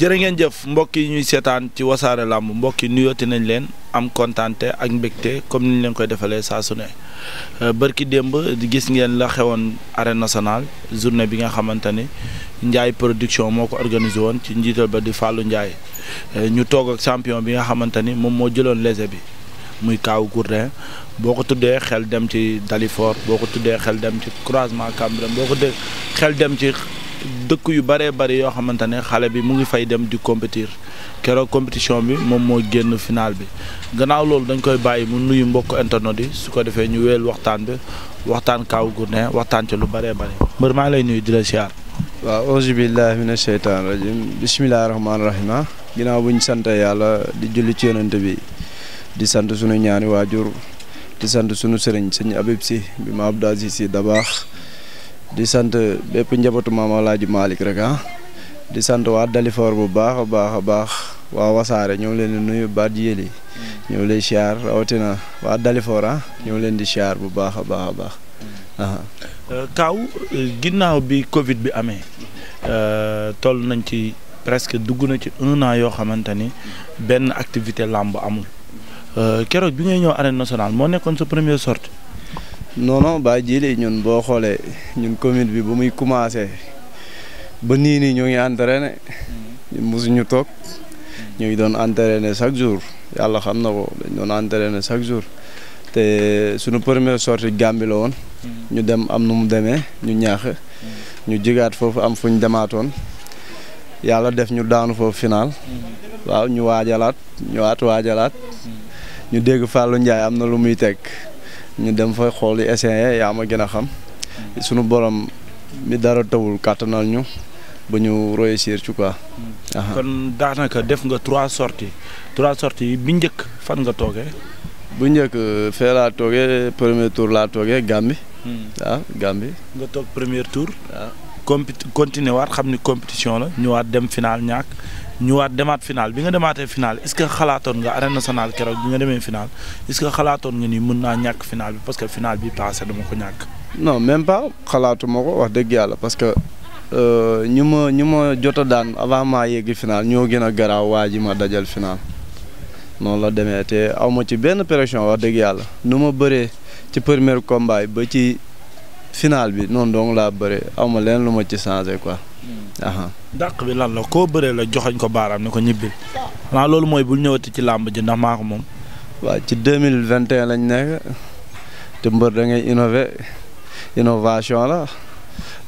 jërë ngeen jëf mbokk yi ñuy seetaan ci wasaare làmb mbokk yi nuyooti nañ leen am kontante ak mbégte comme ni leen koy defalee saa su ne euh, bërki démb gis ngeen la xewoon arène nationale journée bi nga xamante ni Ndiaye production moo ko organisé woon ci njiital ba di Fallou Ndiaye euh, ñu toog ak champion bi nga xamante ni moom moo jëloon léger bi muy Kaaw Gourdin boo ko tuddee xel dem ci Dalifor boo ko tuddee xel dem ci croisement Cambérène boo ko tuddee xel dem ci. dëkk yu bëree bëri yoo xamante ne xale bi mu ngi fay dem di compétir keroog compétition bi moom moo génn final bi gannaaw loolu dañ koy bàyyi mu nuyu mbokk internet yi su ko defee ñu wéyal waxtaan bi waxtaan Kaw Gourdin waxtaan ci lu bëree bëri mbër maa ngi lay nuyu di la siyaar waaw auzu billahi mina sheytaan rajim bisimilahi rahmaani rahima ginnaaw bu ñu sant yàlla di julli ci yonent bi di sant sunu ñaari waajur di sant sunu sëriñ sëñ Abib si bi ma di sant bépp njabootu maam Alaaji Malick rek ah di sant waa Dalifor bu baax a baax a baax waa wasaare ñoo leen di nuyu baat yéeli ñoo lay siyaar rawatina waa Dalifor ah ñoo leen di siyaar bu baax a baax a baax. Ah. Euh, Kaaw ginnaaw bi Covid bi amee euh, toll nañ ci presque dugg na ci un an yoo xamante ni benn activité làmb amul euh, keroog bi ngay ñëw arène nationale moo nekkoon sa première sortie. non non Baye Djily ñun boo xoolee ñun commune bi ba muy commencé ba nii nii ñoo ngi entraîné mm-hmm. ñun mosuñu toog mm-hmm. ñu ngi doon ne chaque jour yàlla xam na ko dañ doon ne chaque jour te suñu première sortie Gambie la mm-hmm. ñu dem am nu mu demee ñu ñaax. ñu jigaat foofu am fuñ demaatoon yàlla def ñu daanu foofu final. waaw ñu waajalaat ñëwaat waajalaat. ñu dégg Fallou Ndiaye am na lu muy teg. ñu dem fa xool essayé yaa ma gën a xam suñu borom mi dara tawul kàttanal ñu ba ñu réussir ci quoi. Mm. kon daanaka def nga trois sorties trois sorties bi njëkk fan nga toogee. bu njëkk euh, fee laa toogee premier tour laa toogee Gambie. Mm. waaw Gambie. nga toog premier tour. waaw compi continuer waat xam ni compétition la ñëwaat dem finaal ñàkk ñëwaat demaat final bi nga demaatee final est-ce que xalaatoon nga arène nationale keroog bi nga final est-ce que xalaatoon ni mën naa ñàkk final bi parce que final bi passé dama ko ñàkk. no même pas xalaatuma ko wax dëgg yàlla parce que euh, ñu ma ñu ma jot daan avant maa yegg final ñoo gën a garaaw waa ji ma dajal final noonu la demee te aw ma ci benn pression wax dëgg yàlla nu ma bëree ci premier combat ba ci final bi noonu dong laa bëree aw ma leen lu ma ci changé quoi. dàq bi lan la koo bëree la joxañ ko baaraam ne ko ñibbi xanaa loolu mooy bul ñëwati ci làmb ji ndax moom. waaw ci deux mille vingt et un lañ nekk te mbër dangay ngay innové innovation la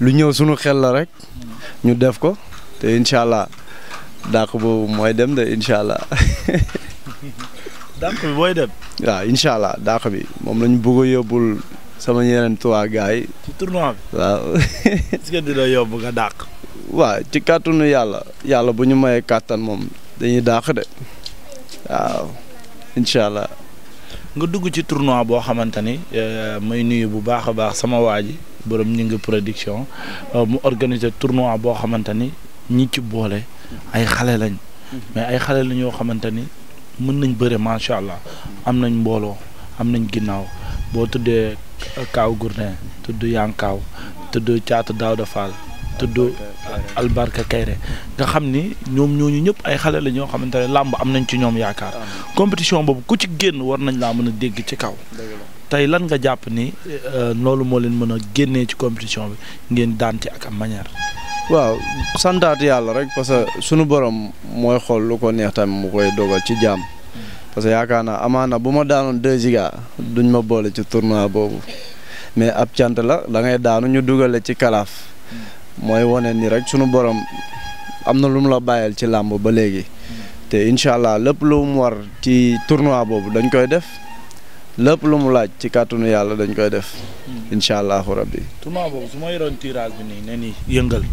lu ñëw suñu xel la rek ñu def ko te incha allah dàq boobu mooy dem de incha allah. dàq bi booy dem. incha allah dàq bi moom lañu bugg a yóbbul sama yeneen trois gars yi. ci tournoi bi waaw. est dina yóbbu nga dàq. waaw ci kàttanu yàlla yàlla bu ñu mayee kàttan moom dañuy dàq de waaw incha allah. nga dugg ci tournoi boo xamante ni euh, may nuyu bu baax a baax sama waa ji borom ñu ngi production euh, mu organiser tournoi boo xamante ni ñi ci boole ay xale lañ mais ay xale lañu yoo xamante ni mën nañ bëre macha allah am nañ mbooloo am nañ ginnaaw boo tuddee Kaaw Gourdin tudd Yankaaw tudd Caatu Daawda Fall tudd Albarka Kayre nga xam ni ñoom ñooñu ñëpp ay xale la ñoo xamante ne làmb am nañ ci ñoom yaakaar compétition boobu ku ci génn war nañ laa mën a dégg ci kaw tey lan nga jàpp ni euh, loolu moo leen mën a génnee ci compétition bi ngeen daan ci ak am manière waaw santaat yàlla rek parce que sunu borom mooy xool lu ko neex tamit mu koy dogal ci jàmm parce que yaakaar naa amaana bu ma daanoon deux giga duñ ma boole ci tournoi boobu mais ab cant la da ngay daanu ñu dugale ci kalaaf mooy wane ni rek sunu borom am na lu mu la bàyyil ci làmb ba léegi te incha allah lépp lu mu war ci tournoi boobu dañ koy def lépp lu mu laaj ci kàttanu yàlla dañ koy def. Hmm. incha allahu rabbi. tournoi boobu su ma yoroon tirage bi nii ne nii yëngal.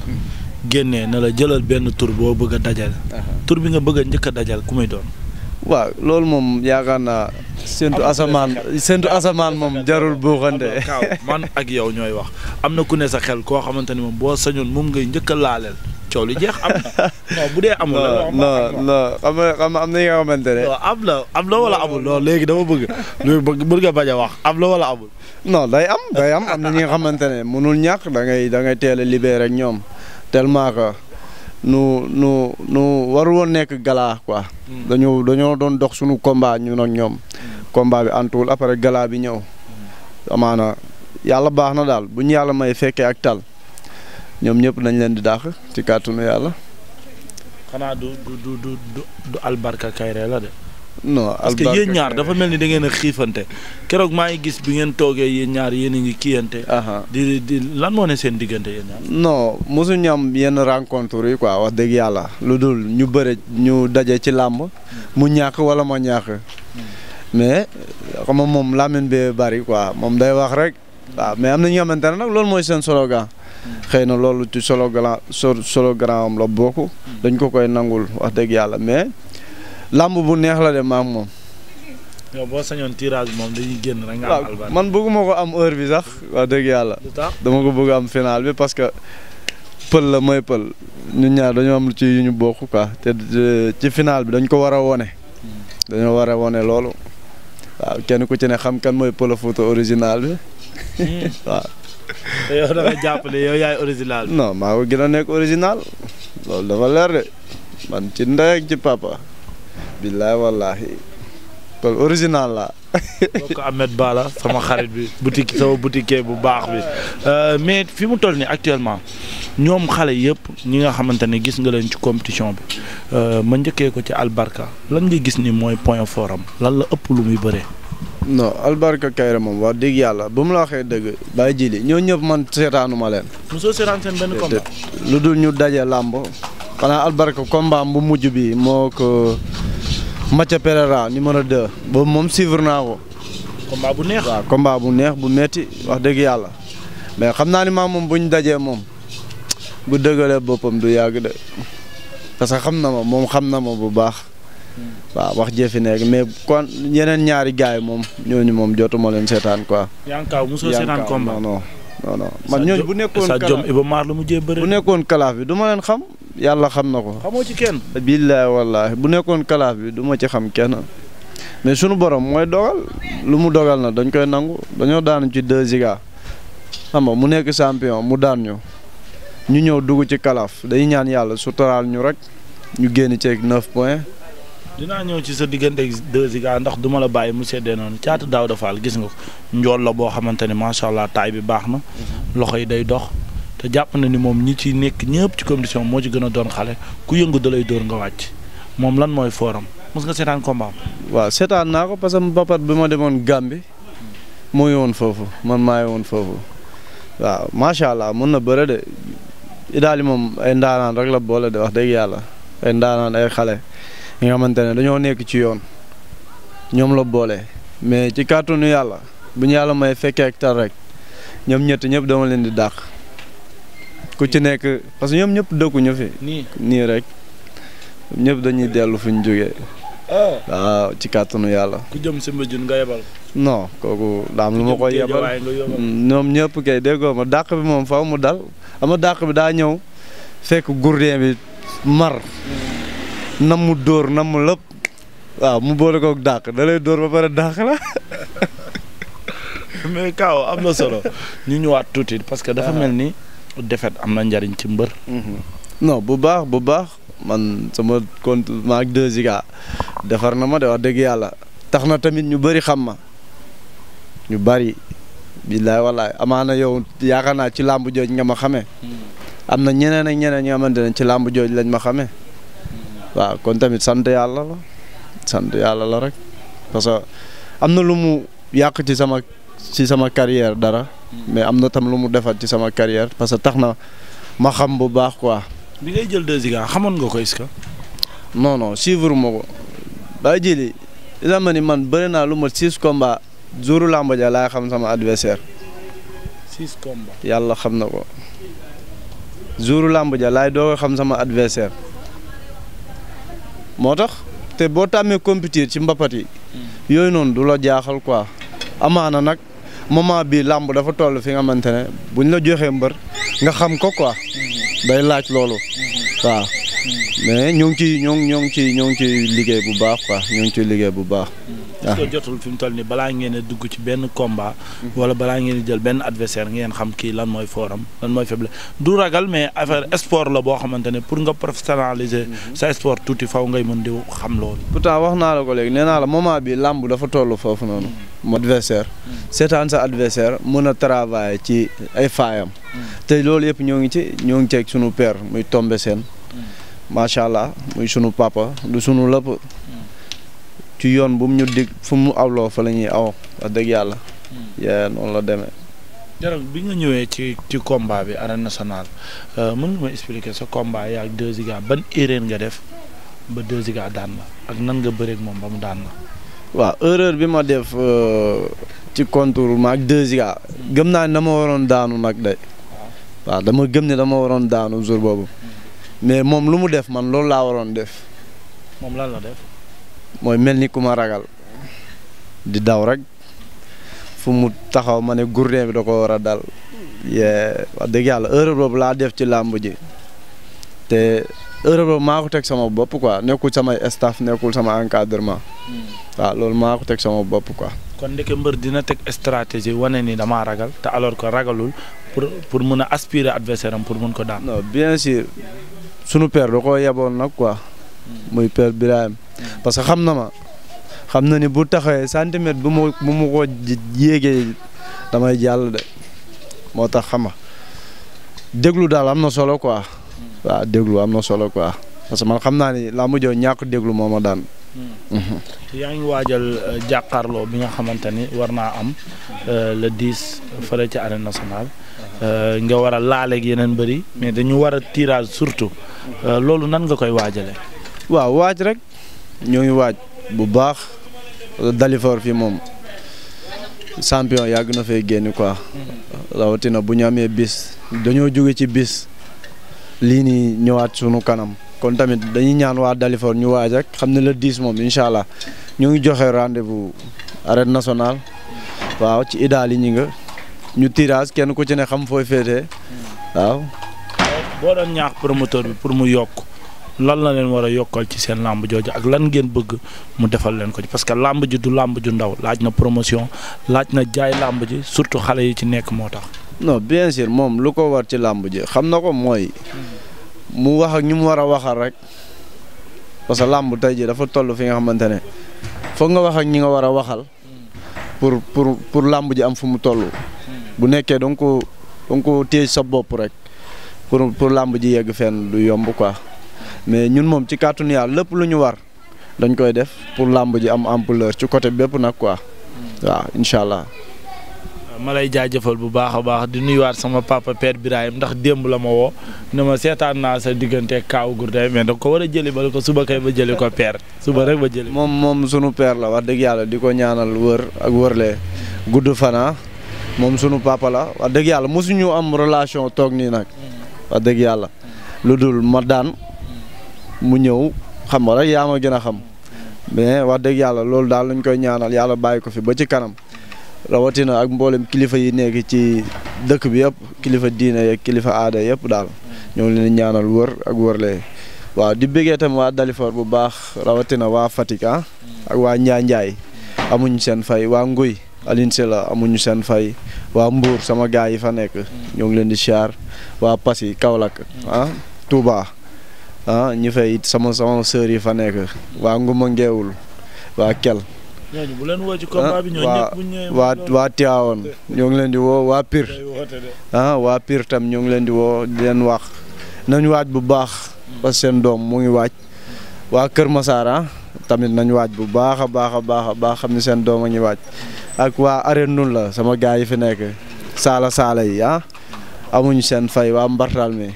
génnee na la jëlal benn tour boo bëgg a dajal. tour bi nga bëgg a njëkk a dajal ku may doon. waaw loolu moom yaakaar naa sentu asamaan sentu asamaan moom jarul buuxante man ak yow ñooy wax am na ku ne sa xel koo xamante ni moom boo sañoon moom ngay njëkk laaleel coow lu jeex am bu dee amul non nga xam xamante ne am na am wala amul léegi dama bëgg bëgg nga bañ a wax am wala amul non day am day am am na nga xamante ne mënul ñàkk da ngay da ngay teel a libéré ak ñoom tellement que nu nu nu waru nekk galaa quoi. Mm. dañoo dañoo doon dox sunu combat ñun ak ñoom. Mm. combat bi antuwul après galaa bi ñëw. Mm. amaana yàlla baax na daal bu ñu yàlla may fekkee ak tal ñoom ñëpp dañ leen di dàq ci kàttanu yàlla. xanaa du du du du du albarka kayre la de. non parce que yéen ñaar dafa mel ni da ngeen a xiifante keroog maa ngi gis bi ngeen toogee yéen ñaar yéen a ngi kiyante. di di lan moo ne seen diggante yéen ñaar. non mosuñu am yenn rencontre yi quoi wax dëgg yàlla lu dul ñu bëre ñu daje ci làmb mu ñàkk wala ma ñàkk hmm. mais xam nga moom làmmiñ bee bari quoi moom day wax rek. waaw mais am na ñoo xamante ne nag loolu mooy seen slogan. Hmm. xëy na lool ci slogan slogan am la bokk. Hmm. dañ ko koy nangul wax dëgg yàlla mais. làmb bu neex la de maam moom. yow boo sañoon tirage moom dañuy génn rek man bëgguma ko am heure bi sax waa dëgg yàlla. dama ko bëgg am final bi parce que pël la mooy pël ñun ñaar dañoo am ci ñu bokk quoi te ci final bi dañ ko war a wone. dañoo war a wone loolu. waaw kenn ku ci ne xam kenn mooy pël photo original bi hmm. waaw. te yow da jàppale yow yaay original bi. maa ko gën a nekk original loolu dafa leer de man ci ndey ci papa. billaay wallaahi kon original la kooku Ahmed Ba la sama xarit bi boutique sama boutiquier bu baax bi euh, mais fi mu toll nii actuellement ñoom xale yëpp ñi nga xamante ne gis nga leen ci compétition bi euh, ma njëkkee ko ci albarka lan nga gis ni mooy point fort am lan la ëpp lu muy bëree. non albarka Kayra moom wax dëgg yàlla bu mu la waxee dëgg bàyyi jili ñoo ñëpp man seetaanuma leen. mosoo seetaan lu dul ñu daje làmb xanaa albarka combat bu mujj bi moo ko. Mathia Pereira numéro 2 boobu moom suivre naa ko. combat bu neex waaw combat bu neex bu metti wax dëgg yàlla mais xam naa ni maa moom bu ñu dajee moom bu dëgalee boppam du yàgg de parce que xam na ma moom xam na ma bu baax. waaw wax jee fi nekk mais kon yeneen ñaari gars yi moom ñooñu moom jotuma leen seetaan quoi. yaa ngi kaw seetaan combat non non non man ñooñu bu nekkoon kalaaf sa jom Iba Mar la bu nekkoon kalaaf bi du xam yàlla xam na ko. xamoo ci kenn. billaay wallaahi bu nekkoon kalaaf bi duma ci xam kenn mais sunu borom mooy dogal lu mu dogal na dañ koy nangu dañoo daan ci deux ziga xam nga mu nekk sampion mu daan ñu ñu ñëw dugg ci kalaaf dañuy ñaan yàlla suturaal ñu rek ñu génn ceeg neuf points. dinaa ñëw ci sa diggante deux Ziga ndox duma la bàyyi mu seddee noonu Thiatou Daouda Fall gis nga ko njool la boo xamante ne macha allah taay bi baax na. loxo yi day dox. te jàpp na ni moom ñi ci nekk ñëpp ci compétition moo ci gën a doon xale ku yëngu da lay nga wàcc moom lan mooy forum mos nga seetaan combat waaw seetaan naa ko parce que mbapat bi ma demoon Gambie mooy woon foofu man maay woon foofu waaw macha allah mun na bëre de idaali moom ay ndaanaan rek la boole de wax dëgg yàlla ay ndaanaan ay ñi nga xamante ne dañoo nekk ci yoon ñoom la boole mais ci kàttanu yàlla bu ñu yàlla may fekkee ak rek ñoom ñett ñëpp dama leen di dàq ku ci nekk parce que ñoom ñëpp dëkkuñu fi. nii rek ñëpp dañuy dellu fu ñu juge ah. waaw ci kàttanu yàlla. ku jëm si mbëjun nga yebal. daam lu ma koy ñoom ñëpp kay déggoo ma dàq bi moom faw mu dal ama dàq bi daa ñëw fekk gourdin bi mar. nam mu dóor nam mu lépp waaw mu boole koog dàq da lay dóor ba pare dàq la. mais kaw am na solo ñu ñëwaat tuuti parce que dafa ah. mel ni defet am na njariñ ci mbër. Mhm. non bu baax bu baax man sama compte ma ak 2 Giga defar na ma de wax dëgg yàlla tax na tamit ñu bari xam ma ñu bari bëri. billaay wallaay na yow yaakaar naa ci làmb jooj nga xamee. Hmm. am na ñeneen ak ñeneen ñoo xamante ne ci làmb jooj lañ ma xame waaw kon tamit sant yàlla la sant yàlla la rek parce que am na lu mu yàq ci sama ci sama carrière dara. mais am na tam lu mu defar ci sama carrière parce que tax na ma xam bu baax quoi. bi ngay jël 2 Giga xamoon nga ko est-ce que. non non suivre ma ko. bàyyi jili isa ma ni man bëri naa lu ma six combats jouru làmb ja laay xam sama adversaire. six combats yàlla xam na ko. jouru làmb ja laay doo xam sama adversaire. moo tax te boo tàmmee compétir ci mbapat yi yooyu noonu du la jaaxal quoi amaana nag moment bii làmb dafa toll fi nga xamante bu buñ la joxee mbër nga xam ko quoi bay laaj loolu waaw mais ñoo ngi ciy ñoo ngi ñoo ngi ciy ñoo ngi ciy liggéey bu baax quoi ñu ngi ciy liggéey bu baax est jotul fi mu toll nii balaa ngeen dugg ci benn combat. wala balaa ngeen jël benn adversaire ngeen xam kii lan mooy fooram lan mooy faible du ragal mais affaire sport la boo xamante ne pour nga professionnaliser. sa sport tuuti faw ngay mën di xam loolu. pourtant wax naa la ko léegi nee naa la moment bi làmb dafa toll foofu noonu. mo adversaire seetaan sa adversaire mën a travailler ci ay faayam. te loolu yëpp ñoo ngi ci ñoo ngi ceeg sunu père muy tombe seen macha allah muy sunu papa du sunu ci yoon bu mu ñu dig fu mu awloo fa la ñuy aw wax dëgg yàlla. Hmm. yaa noonu la demee. jaral bi nga ñëwee ci ci combat bi arène nationale euh, mën nga ma expliquer sa combat yaa ak 2 Giga ban erreur nga def ba 2 Giga daan la ak nan nga bëreeg moom ba mu daan la. waaw erreur bi ma def euh, ci contour ma ak 2 Giga hmm. gëm naa ne dama waroon daanu nag de waaw dama gëm ne dama waroon daanu jour boobu hmm. mais moom lu mu def man loolu laa waroon def. moom lan la def. mooy mel ni ku ma ragal di daw rek fu mu taxaw ma ne gourdin bi da ko war a dal wax dëgg yàlla heure boobu laa def ci làmb ji te heure boobu maa ko teg sama bopp quoi nekkul samay staff nekkul sama encadrement waaw loolu maa ko teg sama bopp ko kon ndeke mbër dina teg stratégie wane nii damaa ragal te alors que ragalul pour pour mun a aspirer adversaire am pour mun ko daan. bien sûr sunu père da ko yeboon nag ko hmm. muy père Birahim parce que xam na ma xam na ni bu taxawee centimètre bu mu mu ma ko yéegee damay jàll de moo tax xam nga déglu daal am na solo quoi. waaw déglu am na solo quoi parce que man xam naa ni laa mujjee ñàkk déglu moo ma daan. Mm-hmm. yaa ngi waajal euh, jàkkaarloo bi nga xamante ni war naa am euh, le 10 fële ci arène nationale euh, nga war a laaleeg yeneen bëri mais dañu war a tirage surtout loolu nan nga koy waajale waaw waaj rek ñoo ngi waaj bu baax Dalifort fii moom champion yàgg na fay génn quoi rawatina bu ñu amee bis dañoo jóge ci bis lii nii ñëwaat sunu kanam kon tamit dañuy ñaan waa Dalifort ñu waaj rek xam ne le 10 moom incha allah ñoo ngi joxe rendez bu arène nationale waaw ci idaal yi ñi nga ñu tirage kenn ku ci ne xam fooy féetee waaw. boo doon ñaax promoteur bi pour mu yokk. lan la leen war a yokkal ci seen làmb jooju ak lan ngeen bëgg mu defal leen ko ci parce que làmb ji du làmb ju ndaw laaj na promotion laaj na jaay làmb ji surtout xale yi ci nekk moo tax. non bien moom lu ko war ci làmb ji xam na ko mooy. mu wax ak ñi mu war a waxal rek parce que làmb tey ji dafa toll fi nga xamante ne foog nga wax ak ñi nga war a waxal. pour pour pour làmb ji am fu mu toll. bu nekkee danga ko danga ko téye sa bopp rek pour pour làmb ji yegg fenn du yomb quoi. mais ñun moom ci kàttanu yàlla lépp lu ñu war dañ koy def pour làmb ji am ampleur ci côté bépp nag ko waaw incha allah. Euh, ma lay jaajëfal bu baax a baax di nuyuwaat sama papa Père Birahim ndax démb la ma woo ne ma seetaan naa sa diggante Kaaw Gourdin mais da ko war a jëli ba ko suba kay ba jëli ko Père suba rek ba jëli. moom moom sunu Père la wax dëgg yàlla di ko ñaanal wër ak wërle gudd fanaa ah. moom sunu papa la wax dëgg yàlla mosuñu am relation toog nii nag mm. yàlla mu ñëw xam nga rek yaa ma gën a xam mais wax dëgg yàlla loolu daal lañ koy ñaanal yàlla bàyyi ko fi ba ci kanam rawatina ak mboolem kilifa yi nekk ci dëkk bi yëpp kilifa diine yeeg kilifa aada yëpp daal ñoo leen ñaanal wër ak wërlee waaw di bëggee tam waa Dalifort bu baax rawatina waa Fatick ah, ak waa Njaanjaay amuñ seen fay waa Nguy Aline Sela amuñu seen fay waa Mbour sama gaay yi fa nekk ñoo ngi leen di siyaar waa Passy Kaolack ah Touba. ah ñu fay sama sama sœur yi fa nekk waa Nguma Ngeewul waa Kel. ñooñu bu ñu ah, ñoo ngi leen di woo waa Pire. Ah, waa Pire tam ñoo ngi leen di woo di leen wax nañu waaj bu baax. parce seen doom mu ngi waaj. waa Kër Masara ah, tamit nañu waaj bu baax a baax a baax xam ni seen doom a ngi waaj ak waa arène nun la sama gars yi fi nekk saala saala yi ah amuñu seen fay waa Mbartal mi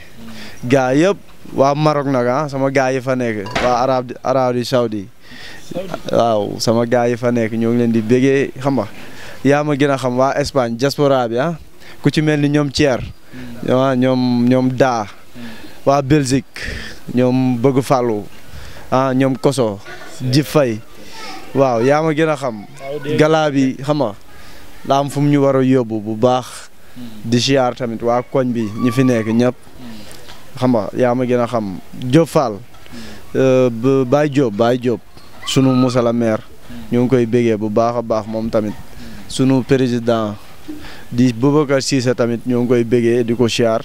gaa yëpp. waa Maroc nag ah sama gars yi fa nekk waa arabe saudi waaw sama gars yi fa nekk ñoo ngi leen di bégee xam nga yaa ma gën a xam waa Espagne diaspora bi ah ku ci mel ni ñoom Thier ah ñoom daa hmm. waa Belgique ñoom bëgg falo ah, ñoom koso hmm. jib waaw yaa ma gën a xam galaa bi xam nga fu mu ñu war yobbu bu baax di siyaar tamit waa koñ bi ñu fi nekk ñëpp xam nga yaa ma gën a xam Diop Fall euh, Baye Diop Baye Diop sunu Moussa ñoo ngi koy bégee bu baax a baax moom tamit sunu président di Boubacar Cissé tamit ñoo ngi koy bégee di ko siyaar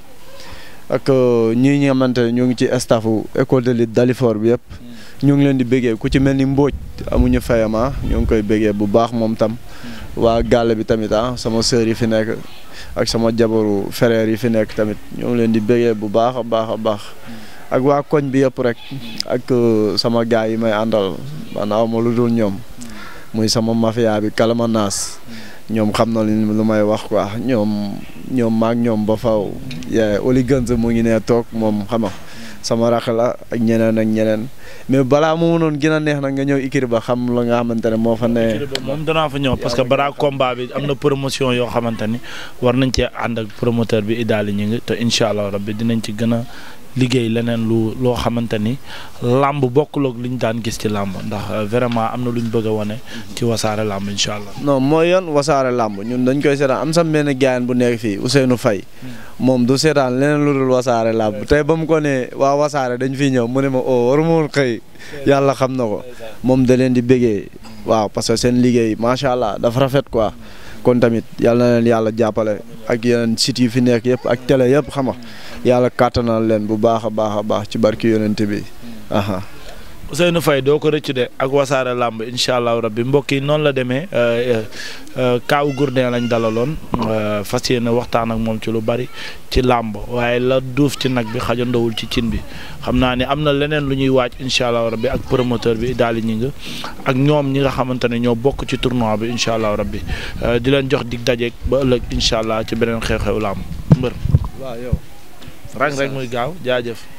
ak ñi euh, ñi nga xamante ne ñoo ngi ci staffu école de lutte Dalifort bi yëpp ñoo ngi leen di bégee ku ci mel ni Mbodj amuñu fayama ñoo ngi koy bégee bu baax moom tam. waa gaale bi tamit ah sama sœur yi fi nekk ak sama jabaru frère yi fi nekk tamit ñoo leen di bëggee bu baax a baax a baax ak waa koñ bi yëpp rek ak euh, sama gaay yi may àndal maanaam ma lu dul ñoom muy sama mafia bi kalamanaas ñoom xam na lu may wax quoi ñoom ñoom maak ñoom ba faw yee Oli mu ngi nee toog moom xam sama rakk la ak ñeneen ak ñeneen mais balaa mu mënoon gën a neex nag nga ñëw Ikiri ba xam la nga xamante ne moo fa ne. moom danaa fa ñëw parce que balaa combat bi am na promotion yoo xamante ni war nañ cee ànd ak promoteur bi Idaly ñu ngi te incha allah rabbi dinañ ci gën a liggéey leneen lu loo xamante ni làmb bokkul ak li ñu daan gis ci làmb ndax euh, vraiment am na lu ñu bëgg a wane ci wasaare làmb incha allah. non mooy yoon wasaare làmb ñun dañ koy seetaan am sam benn gaayan bu nekk fii u seenu fay hmm. moom du seetaan leneen lu dul wasaare làmb tey ba mu ko nee waa wasaare dañ fi ñëw mu ne ma oo oh, waruma moo xëy yàlla xam na ko moom da leen di bëggee waaw parce que seen liggéey macha allah dafa rafet quoi. kon tamit yàlla na leen yàlla jàppale ak yeneen sites yu fi nekk yëpp ak tele yëpp xam nga yàlla kàttanal leen bu baax a baax a baax ci barke yonent bi aha Ousseynou Faye doo ko rëccu de ak wasaare làmb incha allahu rabbi mbokk yi noonu la demee euh, euh, euh, Kaaw Gourdin lañ dalaloon fas yéene waxtaan ak moom ci lu bari ci làmb waaye la duuf ci nag bi xajandowul ci cin bi xam naa ni am na leneen lu ñuy waaj incha allahu rabbi ak promoteur bi daali ñi nga ak ñoom ñi nga xamante ne ñoo bokk ci tournoi bi incha allahu rabbi di leen jox dig dajeeg ba ëllëg incha allah ci beneen xew-xew làmb mbër. rang rek muy gaaw jaajëf.